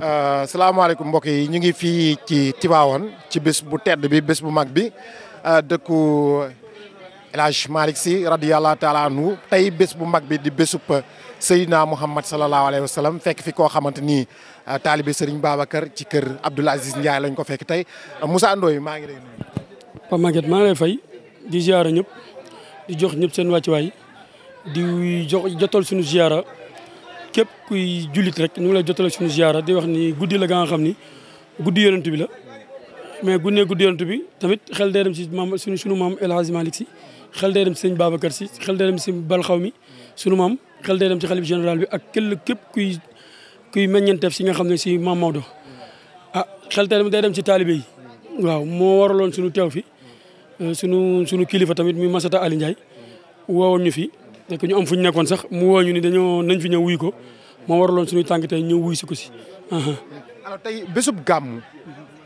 Euh, salaamaaleykum mbokk yi ñu ngi fii ci Tivaouane ci bis bu tedd bi bés bu mag bi euh, dëkku El Hadj Malick Sy radiyallahu taala anhu tey bés bu mag bi di bésub Seydina Mouhamed sallallahu alayhi wa sallam fekk fi koo xamante ni euh, taalibe Serigne Babacar ci kër Abdoul Aziz Ndiaye lañ ko fekk tey Moussa Ndoye maa ngi lay nuyu. maa ngi lay fay di ziara ñëpp di jox ñëpp seen wàccuwaay di jox jotal suñu ziara. képp kuy jullit rek ñu ngi lay jotale suñu ziara di wax ni guddi la nga xam ni guddi yonent bi la. mais guddee guddi yonent bi tamit xel day dem si maam suñu suñu maam El Hadj Malick xel day dem si sëñ Babacar si xel day dem si Balxaw mi sunu maam xel day dem si xalif général bi ak këll képp kuy kuy meññeenteef si nga xam ne si maam Maodo ah xel day dem si taalibe yi waaw moo waraloon suñu teew fi sunu suñu kilifa tamit mi Masata Ali Ndiaye fi nekk ñu am fu ñu nekkoon sax mu woo ñu ni dañoo nañ fi ñëw wuy ko moo waraloon suñuy tànk tey ñëw wuy si ko si. alors tey bésub gàmm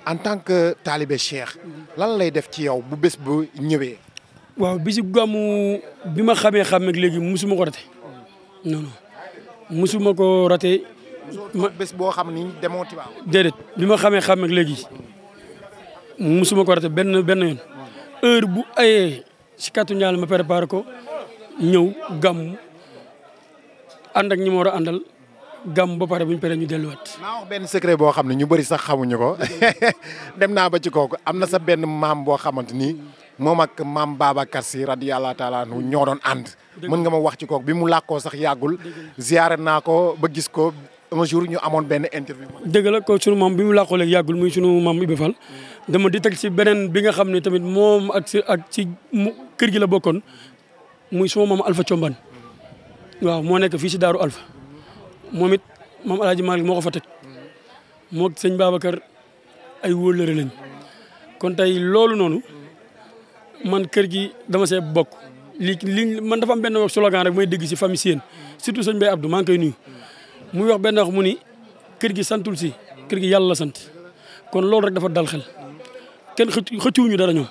en tant que taalibe Cheikh lan lay def ci yow bu bés bu ñëwee. waaw bésub gàmm bi ma xamee xam ak léegi musuma ko rate non ko rate. ma boo xam ni demoo bi ma xamee xam ak léegi musuma ko rate benn benn yoon heure bu ayee si kàttu ñaal ma préparé ko. ñëw gàmm ànd ak ñi ma war a àndal gàmm ba pare bu ñu paree ñu delluwaat. maa wax benn secret boo xam ne ñu bari sax xamuñu ko dem naa ba ci kooku am na sa benn maam boo xamante ni moom ak maam Babacar Sy radiyallahu taala anhu ñoo doon ànd. mën nga ma wax ci kooku bi mu làkkoo sax yàggul. ziare naa ko ba gis ko un jour ñu amoon benn interview. dëgg la ko sunu maam bi mu làkkoo léegi yàggul muy sunu maam Ibou Fall dama di teg si beneen bi nga xam ne tamit moom ak si ak ci kër gi la bokkoon muy suma maam Alpha Combaan waaw moo nekk fii si Daaru alfa moom it maam El Hadj Malick moo ko fa teg moo sëñ kër ay wóolëre lañ kon tey loolu noonu man kër gi dama see bokk lii li man dafa am benn wax slogan rek may dégg si famille Sène surtout sëñ Baye Abdou maa ngi koy nuyu muy wax benn wax mu ni kër gi santul si kër gi yàlla sant kon loolu rek dafa dal xel kenn xëccuwuñu dara ñoom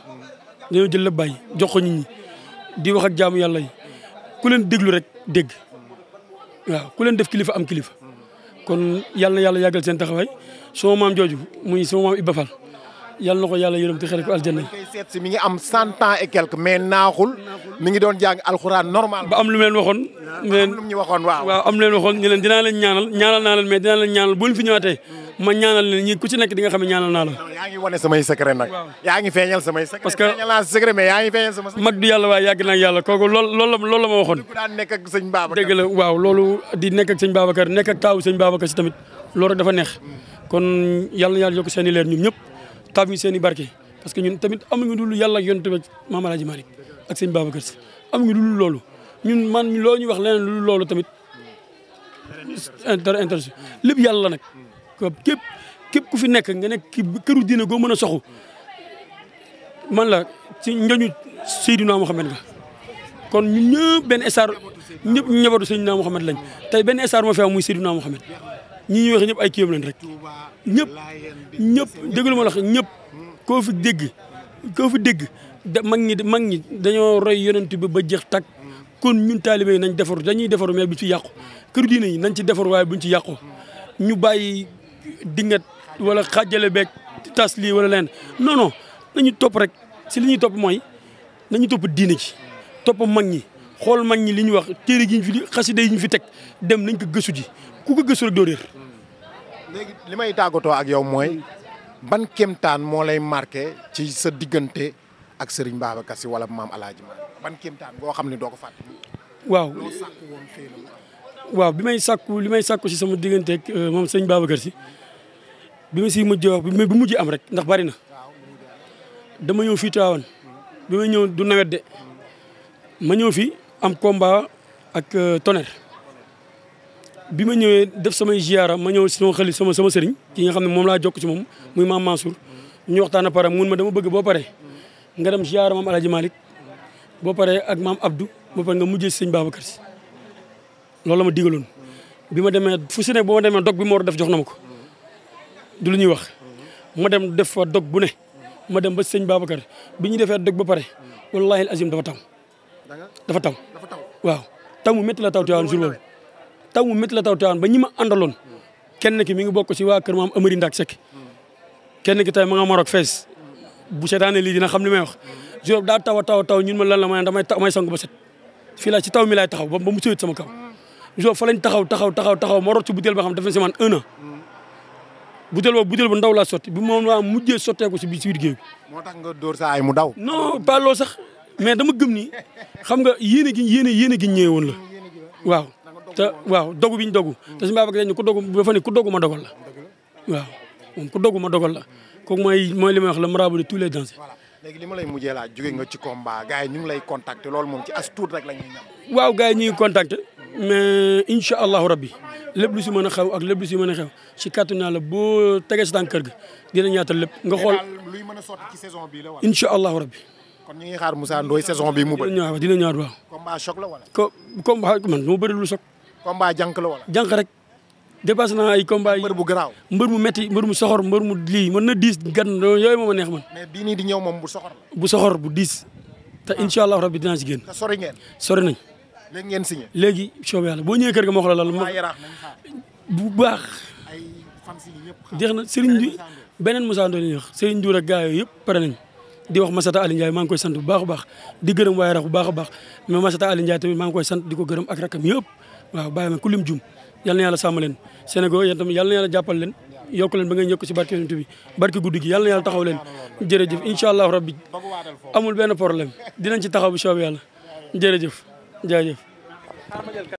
dañoo jël la bàyyi jox ko di wax ak jaamu yàlla yi ku leen déglu rek dégg waaw ku leen def kilifa am kilifa. kon yàlla na yàlla yàggal seen taxawaay sama maam jooju muy sama maam Ibba Fall yàlla na ko yàlla yërëm te xare ko aljanna yi. koy seet si mi ngi am cent ans quelque mais naaxul mi ngi doon jàng alxuraan ba am lu leen waxoon. am lu ñu waxoon waaw. waaw am lu leen waxoon dinaa leen ñaanal ñaanal naa leen dinaa leen ñaanal bu ñu fi ñëwaatee. ma ñaanal leen ñi ku ci nekk di nga xam ne ñaanal naa la. yaa ngi wane samay secret nag. parce que feeñal mag du yàlla waaye yàlla kooku lool la loolu la ma waxoon. dëgg daan nekk ak sëñ Babacar dëgg la waaw loolu di nekk ak sëñ Babacar nekk ak tamit loolu dafa neex. kon yàlla na yàlla yokk seen i leer ñun ñëpp taab ñu seen i barke parce que ñun tamit amuñu dul yàlla ak yonent bi Maam Alaaji Malick ak sëñ Babacar si amuñu dul loolu ñun man loolu ñu wax leneen loolu tamit dara intéressé lépp yàlla nag képp képp ku fi nekk nga nekk këru diine goo mën a soxu man la ci njoñu Seydina Mouhamed nga kon ñun ñëpp benn ñëpp ñu ñëwatu Seydina Mouhamed lañ tey benn star moo fi am muy Seydina ñi ñuy wax ñëpp ay kiyam lañ rek ñëpp ñëpp déglu ma ñëpp koo fi dégg koo dégg da mag ñi mag ñi dañoo roy yonent bi ba jeex tak kon ñun taalibe yi nañ defaru dañuy defaru mais bu ci yàqu këru diine yi nañ ci defaru waaye buñ ci yàqu ñu bàyyi di dingat wala xàjjale beeg tas lii wala leen nono non nañu topp rek si li ñuy topp mooy nañu topp diine ji topp mag ñi xool mag ñi li ñu wax téere gi ñu fi xasida yi ñu fi teg dem nañ ko gëstu ji ku ko gëstu rek doo réer. li may tàggatoo ak yow mooy ban kéemtaan moo lay marqué ci sa diggante ak Serigne Babacar Sy wala maam El Hadj ban kéemtaan boo xam ne doo ko fàtte. waaw waaw bi may sàkku li may sàkku si sama digganteeg euh, moom sëñ Babacar si bi ma si mujj wax bi bu mujj am rek ndax bari na dama ñëw fii Tivaouane bi may ñëw du nawet de ma ñëw fii am combat ak euh, Tonnerre bi ma ñëwee def samay ziara ma ñëw sama xali sama sama sëriñ ki nga xam ne moom laa jokk ci moom muy maam Mansour ñu waxtaan a pare mun ma dama bëgg boo pare nga dem ziara maam El Hadj boo paree ak maam Abdou boo pare nga mujjee si sëñ Babacar si loolu la ma digaloon bi ma demee fu boo ma demee bi ma war def jox na ma ko du lu ñuy wax ma dem def fa dog bu ne ma dem ba sëñ Babacar bi ñu defee dog ba pare wallaahi azim dafa taw dafa taw waaw taw mu métti la taw Tiwaawan jour boobu taw mu métti la taw Tiwaawan ba ñi ma àndaloon kenn ki mi ngi bokk si waa kër maam Amari Ndak Seck kenn ki tey ma nga fees bu seetaane lii dina xam li may wax jour daa taw a a taw ñun ma lan la ma damay taw may sang ba set fii laa taw mi taxaw ba mu sëwit sama kaw jour fa lañ taxaw taxaw taxaw taxaw ma rot ci butéel boo xam dafa si man un an butéel boobu butéel bu ndaw laa sotti bi moom laa mujjee sottee ko si biir géew bi. moo tax nga dóor sa ay mu daw. non pas sax mais dama gëm nii xam nga yéene gi yéene yéene gi ñëwee woon la waaw. waaw dogu bi ñu dogu. Mm. te suñu baabag dañ ku dogu dafa ne ku dogu ma dogal la waaw moom ku dogu ma dogal la kooku mooy mooy li may de tous les danseurs. lay mujjee laa jóge nga ci combat gars yi ñu ngi lay loolu moom ci as tuut rek la ñuy ñam. waaw gars yi ñu mais incha allahu rabbi lépp lu si mën a xew ak lépp si mën a xew si kàttu naa la boo tegee si tànk kër ga dina ñaatal lépp nga xool luy mën a sotti saison bi la wala incha allahu rabbi kon ñu ngi xaar Moussa Ndoye saison bi mu bëri dina ñëwaat dina ñëwaat wala ko combat man du ma lu choc combat la wala jànk rek dépassé naa ay combat yi mbër bu garaaw mbër mu metti mbër mu soxor mbër mu lii mën na diis gan yooyu moom a neex man mais bii nii di ñëw moom bu soxor bu soxor bu diis te ah. incha allahu rabbi dinaa si génn sori ngeen sori nañ léegi ngeen signé léegi soobee yàlla boo ñëwee kër ga ma xoolal lan. bu baax. jeex na Serigne di beneen Moussa Ndoye ñuy wax Serigne Diour ak gars yëpp pare nañ di wax Massata Aliou Ndiaye maa ngi koy sant bu baax a baax di gërëm waaye bu baax a baax mais Massata Aliou Ndiaye tamit ngi koy sant di ko gërëm ak rakam yëpp waaw bàyyi ma ku lim jum yal na yàlla sàmm leen Sénégal yéen tamit yal na yàlla jàppal leen yokk leen ba ngeen yokk si barke yonent bi barke guddi gi yal na yàlla taxaw leen jërëjëf incha allah rabbi amul benn problème dinañ ci taxaw bu soobee yàlla jërëjëf jaajëf